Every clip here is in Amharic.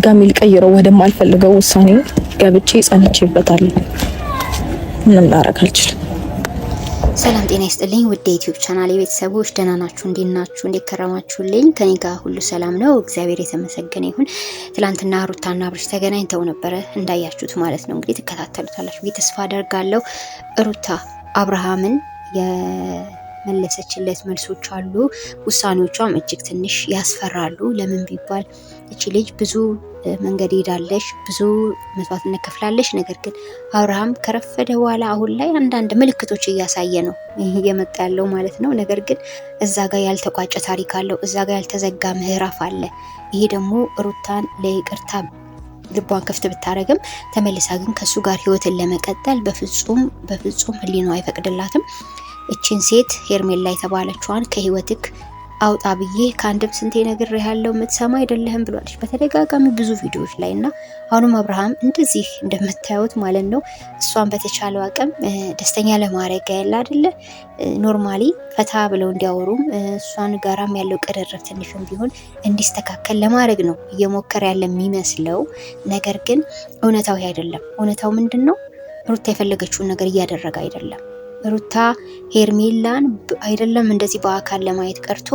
ድጋሚ ሊቀይረው ወደማልፈልገው ውሳኔ ገብቼ ጸንቼበታለሁ። ምንም ላረግ አልችልም። ሰላም ጤና ይስጥልኝ። ውድ የዩቲዩብ ቻናል የቤተሰቦች ደህና ናችሁ? እንዴት ናችሁ? እንዴት ከረማችሁልኝ? ከኔ ጋር ሁሉ ሰላም ነው፣ እግዚአብሔር የተመሰገነ ይሁን። ትላንትና ሩታና አብርሽ ተገናኝተው ነበረ እንዳያችሁት ማለት ነው። እንግዲህ ትከታተሉታላችሁ ብዬ ተስፋ አደርጋለሁ። ሩታ አብርሃምን የመለሰችለት መልሶች አሉ፣ ውሳኔዎቿም እጅግ ትንሽ ያስፈራሉ። ለምን ቢባል እቺ ልጅ ብዙ መንገድ ሄዳለሽ፣ ብዙ መስዋዕት እንከፍላለሽ። ነገር ግን አብርሃም ከረፈደ በኋላ አሁን ላይ አንዳንድ ምልክቶች እያሳየ ነው እየመጣ ያለው ማለት ነው። ነገር ግን እዛ ጋር ያልተቋጨ ታሪክ አለው፣ እዛ ጋር ያልተዘጋ ምዕራፍ አለ። ይሄ ደግሞ ሩታን ለይቅርታ ልቧን ክፍት ብታደረግም ተመልሳ ግን ከእሱ ጋር ህይወትን ለመቀጠል በፍጹም በፍጹም ህሊናዋ አይፈቅድላትም። እችን ሴት ሄርሜላ የተባለችዋን ከህይወትክ አውጣ ብዬ ከአንድም ስንቴ ነገር ያለው የምትሰማ አይደለህም ብሏለች በተደጋጋሚ ብዙ ቪዲዮዎች ላይ እና አሁንም አብርሃም እንደዚህ እንደምታዩት ማለት ነው እሷን በተቻለው አቅም ደስተኛ ለማድረግ ያለ አደለ ኖርማሊ ፈታ ብለው እንዲያወሩም እሷን ጋራም ያለው ቅርርብ ትንሽም ቢሆን እንዲስተካከል ለማድረግ ነው እየሞከረ ያለ የሚመስለው ነገር ግን እውነታው አይደለም እውነታው ምንድን ነው ሩታ የፈለገችውን ነገር እያደረገ አይደለም ሩታ ሄርሜላን አይደለም እንደዚህ በአካል ለማየት ቀርቶ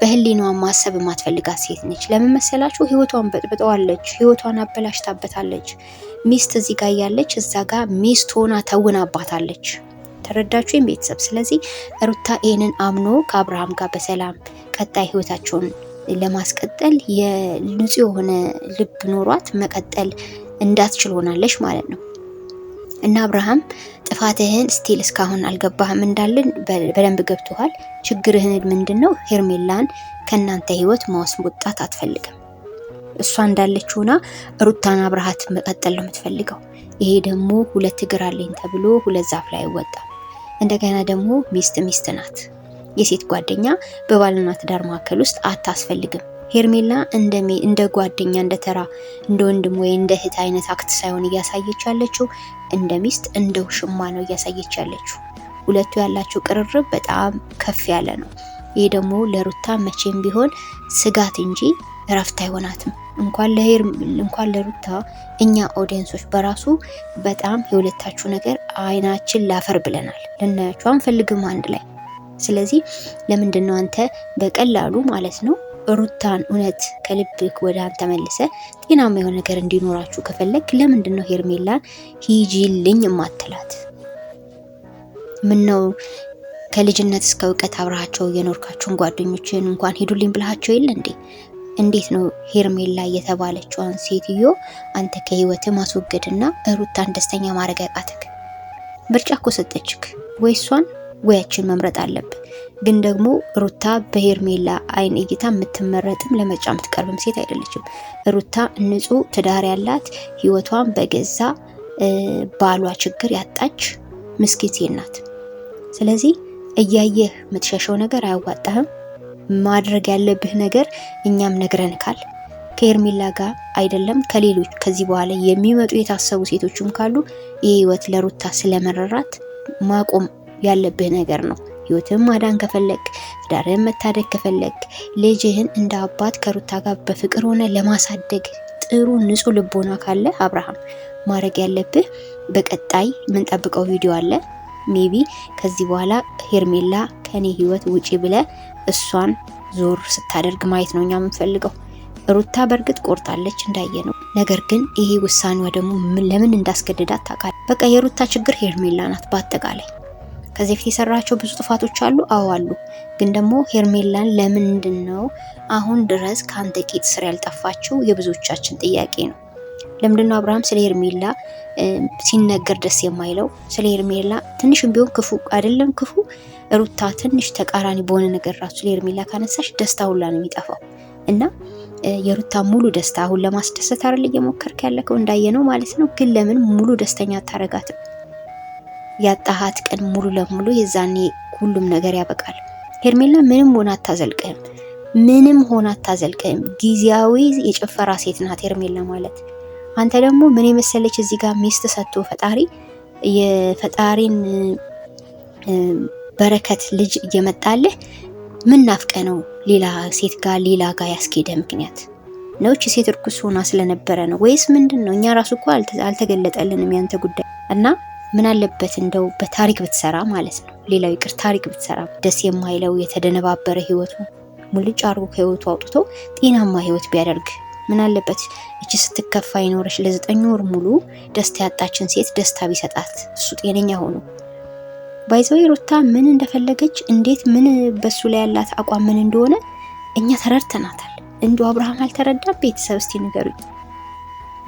በህሊናዋ ማሰብ የማትፈልጋት ሴት ነች። ለምን መሰላችሁ? ህይወቷን በጥብጠዋለች፣ ህይወቷን አበላሽታበታለች። ሚስት እዚህ ጋር ያለች እዛ ጋር ሚስት ሆና ተውናባታለች። ተረዳችሁም ቤተሰብ? ስለዚህ ሩታ ይህንን አምኖ ከአብርሃም ጋር በሰላም ቀጣይ ህይወታቸውን ለማስቀጠል የንጹህ የሆነ ልብ ኖሯት መቀጠል እንዳትችል ሆናለች ማለት ነው። እና አብርሃም ጥፋትህን ስቲል እስካሁን አልገባህም እንዳለን በደንብ ገብቶሃል። ችግርህን ምንድን ነው? ሄርሜላን ከእናንተ ህይወት ማስወጣት አትፈልግም። እሷ እንዳለች ሆና ሩታን አብርሃት መቀጠል ነው የምትፈልገው። ይሄ ደግሞ ሁለት እግር አለኝ ተብሎ ሁለት ዛፍ ላይ ወጣ። እንደገና ደግሞ ሚስት ሚስት ናት። የሴት ጓደኛ በባልና ትዳር መካከል ውስጥ አታስፈልግም። ሄርሜላ እንደ ጓደኛ እንደ ተራ እንደ ወንድም ወይ እንደ እህት አይነት አክት ሳይሆን እያሳየች ያለችው እንደ ሚስት እንደ ውሽማ ነው እያሳየች ያለችው። ሁለቱ ያላቸው ቅርርብ በጣም ከፍ ያለ ነው። ይህ ደግሞ ለሩታ መቼም ቢሆን ስጋት እንጂ እረፍት አይሆናትም። እንኳን ለሄር እንኳን ለሩታ እኛ ኦዲየንሶች በራሱ በጣም የሁለታችሁ ነገር አይናችን ላፈር ብለናል። ልናያችሁ አንፈልግም አንድ ላይ። ስለዚህ ለምንድን ነው አንተ በቀላሉ ማለት ነው ሩታን እውነት ከልብክ ወደ አንተ መልሰ ጤናማ የሆነ ነገር እንዲኖራችሁ ከፈለግ ለምንድን ነው ሄርሜላን ሂጂልኝ የማትላት? ነው ከልጅነት እስከ እውቀት አብረሃቸው የኖርካቸውን ጓደኞችን እንኳን ሂዱልኝ ብልሃቸው የለ እንዴ? እንዴት ነው ሄርሜላ የተባለችዋን ሴትዮ አንተ ከህይወት ማስወገድና ሩታን ደስተኛ ማድረግ ያቃተክ? ምርጫ እኮ ሰጠችክ። ወይ እሷን ወያችን መምረጥ አለብን። ግን ደግሞ ሩታ በሄርሜላ አይን እይታ የምትመረጥም ለመጫ የምትቀርብም ሴት አይደለችም። ሩታ ንጹህ ትዳር ያላት ህይወቷን በገዛ ባሏ ችግር ያጣች ምስኪን ሴት ናት። ስለዚህ እያየህ የምትሸሸው ነገር አያዋጣህም። ማድረግ ያለብህ ነገር እኛም ነግረንካል። ከሄርሜላ ጋር አይደለም ከሌሎች ከዚህ በኋላ የሚመጡ የታሰቡ ሴቶችም ካሉ ይህ ህይወት ለሩታ ስለመረራት ማቆም ያለብህ ነገር ነው። ህይወትን ማዳን ከፈለግ፣ ትዳርን መታደግ ከፈለግ፣ ልጅህን እንደ አባት ከሩታ ጋር በፍቅር ሆነ ለማሳደግ ጥሩ ንጹህ ልቦና ካለ አብርሃም ማድረግ ያለብህ በቀጣይ የምንጠብቀው ቪዲዮ አለ። ሜቢ ከዚህ በኋላ ሄርሜላ ከኔ ህይወት ውጪ ብለ እሷን ዞር ስታደርግ ማየት ነው እኛ የምንፈልገው። ሩታ በእርግጥ ቆርጣለች እንዳየ ነው። ነገር ግን ይሄ ውሳኔዋ ደግሞ ለምን እንዳስገደዳት ታውቃለህ። በቃ የሩታ ችግር ሄርሜላ ናት በአጠቃላይ። ከዚህ ፊት የሰራቸው ብዙ ጥፋቶች አሉ። አዎ አሉ። ግን ደግሞ ሄርሜላን ለምንድን ነው አሁን ድረስ ከአንተ ቂጥ ስር ያልጠፋችው? የብዙዎቻችን ጥያቄ ነው። ለምንድን ነው አብርሃም ስለ ሄርሜላ ሲነገር ደስ የማይለው? ስለ ሄርሜላ ትንሽም ቢሆን ክፉ አይደለም ክፉ ሩታ ትንሽ ተቃራኒ በሆነ ነገር ራሱ ስለ ሄርሜላ ካነሳሽ ደስታ ሁላ ነው የሚጠፋው እና የሩታ ሙሉ ደስታ አሁን ለማስደሰት አይደል እየሞከርክ ያለከው እንዳየ ነው ማለት ነው። ግን ለምን ሙሉ ደስተኛ አታረጋትም? ያጣሃት ቀን ሙሉ ለሙሉ የዛኔ ሁሉም ነገር ያበቃል። ሄርሜላ ምንም ሆና አታዘልቅህም፣ ምንም ሆና አታዘልቅህም። ጊዜያዊ የጨፈራ ሴት ናት ሄርሜላ ማለት። አንተ ደግሞ ምን የመሰለች እዚህ ጋር ሚስት ሰጥቶ ፈጣሪ የፈጣሪን በረከት ልጅ እየመጣልህ ምን ናፍቀ ነው ሌላ ሴት ጋር ሌላ ጋር ያስኬደ ምክንያት ነው። እቺ ሴት እርኩስ ሆና ስለነበረ ነው ወይስ ምንድን ነው? እኛ ራሱ እኮ አልተገለጠልንም ያንተ ጉዳይ እና ምን አለበት እንደው በታሪክ ብትሰራ ማለት ነው። ሌላው ይቅር ታሪክ ብትሰራ ደስ የማይለው የተደነባበረ ህይወቱ ሙልጭ አድርጎ ከህይወቱ አውጥቶ ጤናማ ህይወት ቢያደርግ ምን አለበት? እቺ ስትከፋ ይኖረች ለዘጠኝ ወር ሙሉ ደስታ ያጣችን ሴት ደስታ ቢሰጣት እሱ ጤነኛ ሆኖ ባይዘው ሩታ ምን እንደፈለገች እንዴት ምን በሱ ላይ ያላት አቋም ምን እንደሆነ እኛ ተረድተናታል። እንዱ አብርሃም አልተረዳ ቤተሰብ እስቲ ንገሩኝ።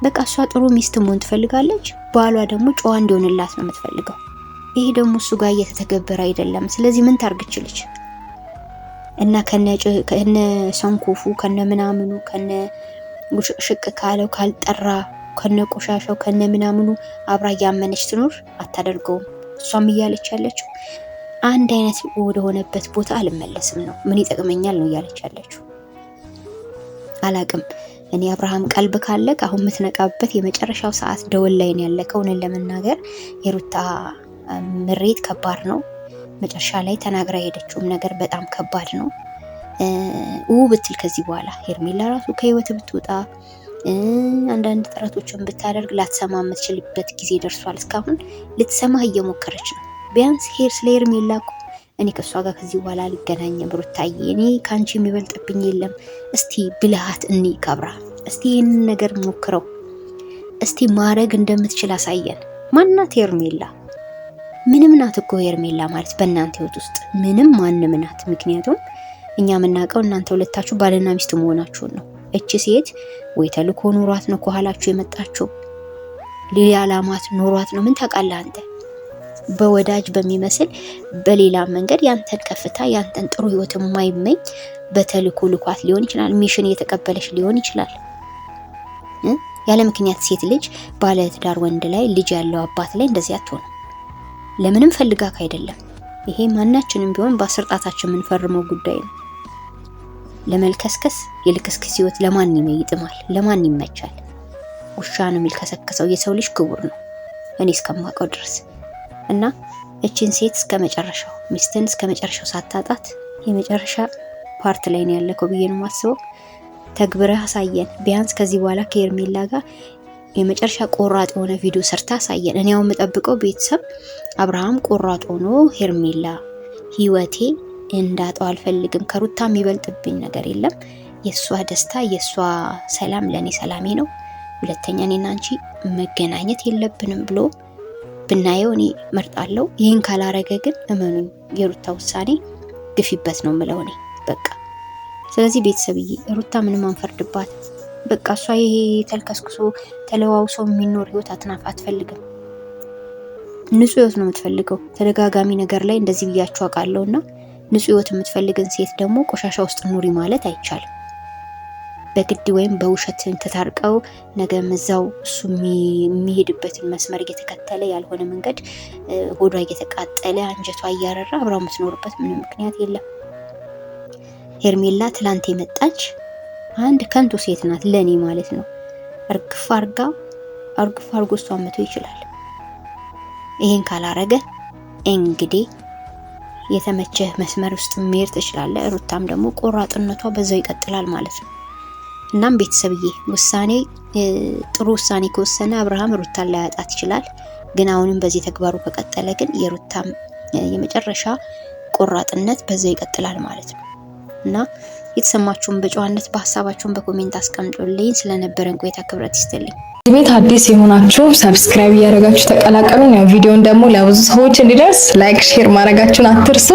በቃ እሷ ጥሩ ሚስት መሆን ትፈልጋለች፣ ባሏ ደግሞ ጨዋ እንዲሆንላት ነው የምትፈልገው። ይሄ ደግሞ እሱ ጋር እየተተገበረ አይደለም። ስለዚህ ምን ታርግችልች? እና ከነ ሰንኮፉ ከነ ምናምኑ ከነ ሽቅ ካለው ካልጠራ ከነ ቆሻሻው ከነ ምናምኑ አብራ እያመነች ትኖር አታደርገውም። እሷም እያለች ያለችው አንድ አይነት ወደሆነበት ቦታ አልመለስም ነው። ምን ይጠቅመኛል ነው እያለች ያለችው። አላቅም እኔ አብርሃም ቀልብ ካለክ አሁን የምትነቃበት የመጨረሻው ሰዓት ደወል ላይ ነው ያለከው። እውነት ለመናገር የሩታ ምሬት ከባድ ነው። መጨረሻ ላይ ተናግራ የሄደችውም ነገር በጣም ከባድ ነው። ው ብትል ከዚህ በኋላ ሄርሜላ ራሱ ከህይወት ብትወጣ አንዳንድ ጥረቶችን ብታደርግ ላትሰማ የምትችልበት ጊዜ ደርሷል። እስካሁን ልትሰማህ እየሞከረች ነው። ቢያንስ ሄር ስለ ሄርሜላ እኮ እኔ ከእሷ ጋር ከዚህ በኋላ አልገናኝም ታየ እኔ ከአንቺ የሚበልጥብኝ የለም። እስቲ ብልሃት እኒ ከብራ? እስቲ ይህንን ነገር ሞክረው፣ እስቲ ማድረግ እንደምትችል አሳየን። ማናት ሄርሜላ? ምንም ናት እኮ ሄርሜላ ማለት በእናንተ ህይወት ውስጥ ምንም ማንም ናት። ምክንያቱም እኛ የምናውቀው እናንተ ሁለታችሁ ባልና ሚስት መሆናችሁን ነው። እቺ ሴት ወይ ተልኮ ኑሯት ነው ከኋላችሁ የመጣችው ሌላ አላማት ኑሯት ነው። ምን ታውቃለህ አንተ? በወዳጅ በሚመስል በሌላ መንገድ ያንተን ከፍታ ያንተን ጥሩ ህይወት የማይመኝ በተልኮ ልኳት ሊሆን ይችላል። ሚሽን እየተቀበለች ሊሆን ይችላል። ያለ ምክንያት ሴት ልጅ ባለትዳር ወንድ ላይ ልጅ ያለው አባት ላይ እንደዚህ አትሆንም። ለምንም ፈልጋክ አይደለም። ይሄ ማናችንም ቢሆን በአስር ጣታችን የምንፈርመው ጉዳይ ነው። ለመልከስከስ የልክስክስ ህይወት ለማን ይጥማል? ለማን ይመቻል? ውሻ ነው የሚልከሰከሰው። የሰው ልጅ ክቡር ነው እኔ እስከማውቀው ድረስ እና እችን ሴት እስከ መጨረሻው ሚስትን እስከ መጨረሻው ሳታጣት የመጨረሻ ፓርት ላይ ነው ያለከው ብዬ ነው የማስበው። ተግብረህ አሳየን። ቢያንስ ከዚህ በኋላ ከኤርሜላ ጋር የመጨረሻ ቆራጥ የሆነ ቪዲዮ ሰርታ አሳየን። እኔ አሁን የምጠብቀው ቤተሰብ አብርሃም ቆራጥ ሆኖ ሄርሜላ ህይወቴ እንዳጠው አልፈልግም፣ ከሩታ የሚበልጥብኝ ነገር የለም፣ የእሷ ደስታ የእሷ ሰላም ለእኔ ሰላሜ ነው፣ ሁለተኛ እኔና አንቺ መገናኘት የለብንም ብሎ ብናየው እኔ መርጣለው። ይህን ካላረገ ግን እመኑ የሩታ ውሳኔ ግፊበት ነው ምለው እኔ በቃ። ስለዚህ ቤተሰብዬ ሩታ ምንም አንፈርድባት። በቃ እሷ ይሄ ተልከስክሶ ተለዋውሶ የሚኖር ህይወት አትናፍ አትፈልግም። ንጹህ ህይወት ነው የምትፈልገው። ተደጋጋሚ ነገር ላይ እንደዚህ ብያችሁ እና ንጹህ ህይወት የምትፈልግን ሴት ደግሞ ቆሻሻ ውስጥ ኑሪ ማለት አይቻልም። በግድ ወይም በውሸት ተታርቀው ነገም እዛው እሱ የሚሄድበትን መስመር እየተከተለ ያልሆነ መንገድ ሆዷ እየተቃጠለ አንጀቷ እያረራ አብራ የምትኖርበት ምንም ምክንያት የለም። ሄርሜላ ትላንት የመጣች አንድ ከንቱ ሴት ናት፣ ለኔ ማለት ነው። እርግፍ አርጋ እርግፍ አርጎ እሷ መቶ ይችላል። ይሄን ካላረገ እንግዲህ የተመቸህ መስመር ውስጥ መሄድ ትችላለህ። ሩታም ደግሞ ቆራጥነቷ በዛው ይቀጥላል ማለት ነው። እናም ቤተሰብዬ ውሳኔ ጥሩ ውሳኔ ከወሰነ አብርሃም ሩታን ላያጣት ይችላል። ግን አሁንም በዚህ ተግባሩ ከቀጠለ ግን የሩታም የመጨረሻ ቆራጥነት በዛው ይቀጥላል ማለት ነው እና የተሰማችሁን በጨዋነት በሀሳባችሁን በኮሜንት አስቀምጦልኝ ስለነበረን ቆይታ ክብረት ይስጥልኝ። ቤት አዲስ የሆናችሁ ሰብስክራይብ እያደረጋችሁ ተቀላቀሉን። ያው ቪዲዮን ደግሞ ለብዙ ሰዎች እንዲደርስ ላይክ፣ ሼር ማድረጋችሁን አትርሱ።